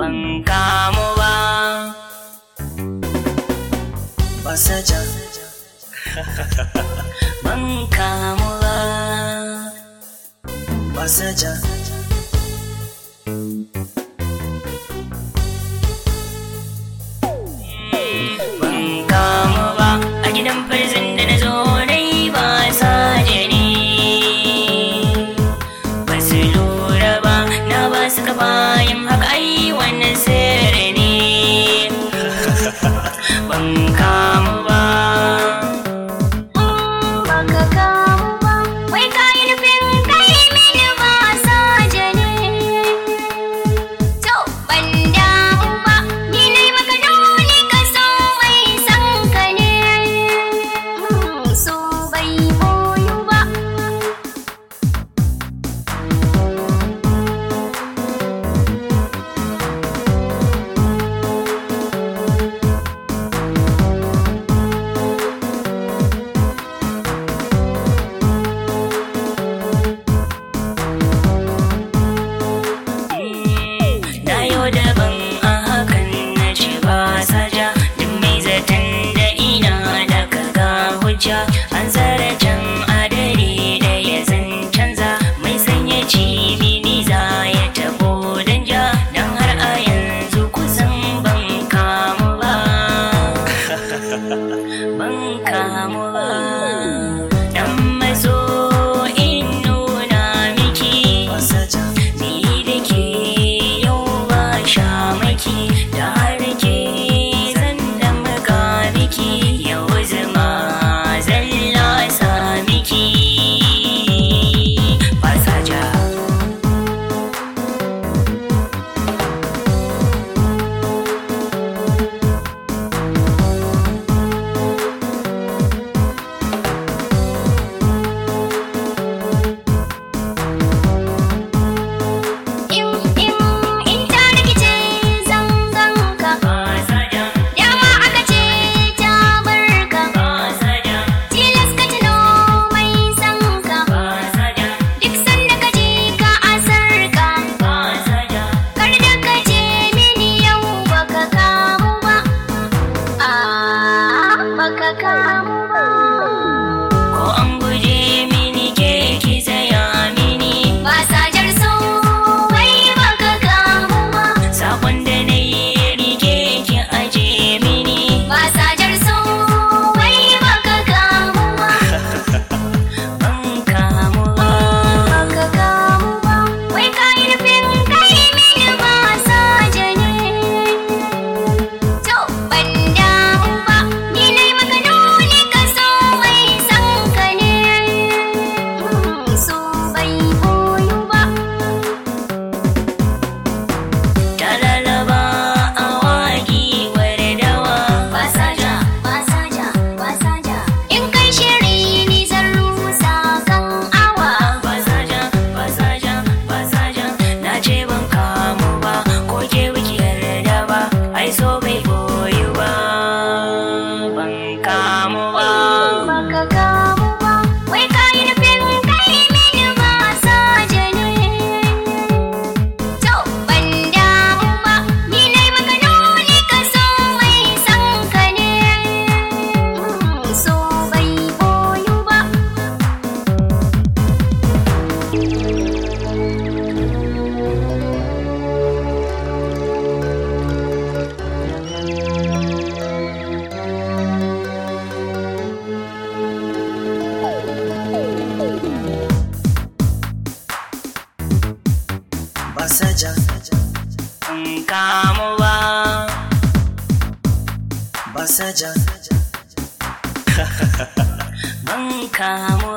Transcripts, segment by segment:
ban kamo ba basaja ban kamo ba basaja bayan haka ai wannan sai masaja kamu ba masaja ban kamu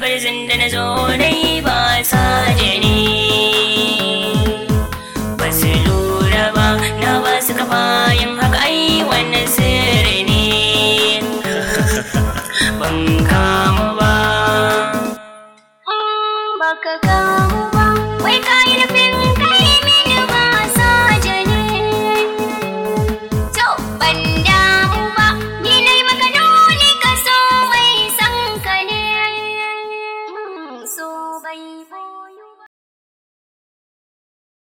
farzin da na zo dai ba sa jini ba su lura ba na ba su kafayin